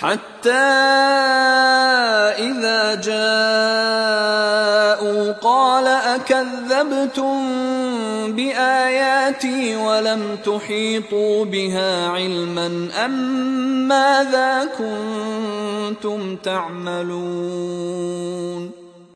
حتى إذا جاءوا قال أكذبتم بآياتي ولم تحيطوا بها علما أم ماذا كنتم تعملون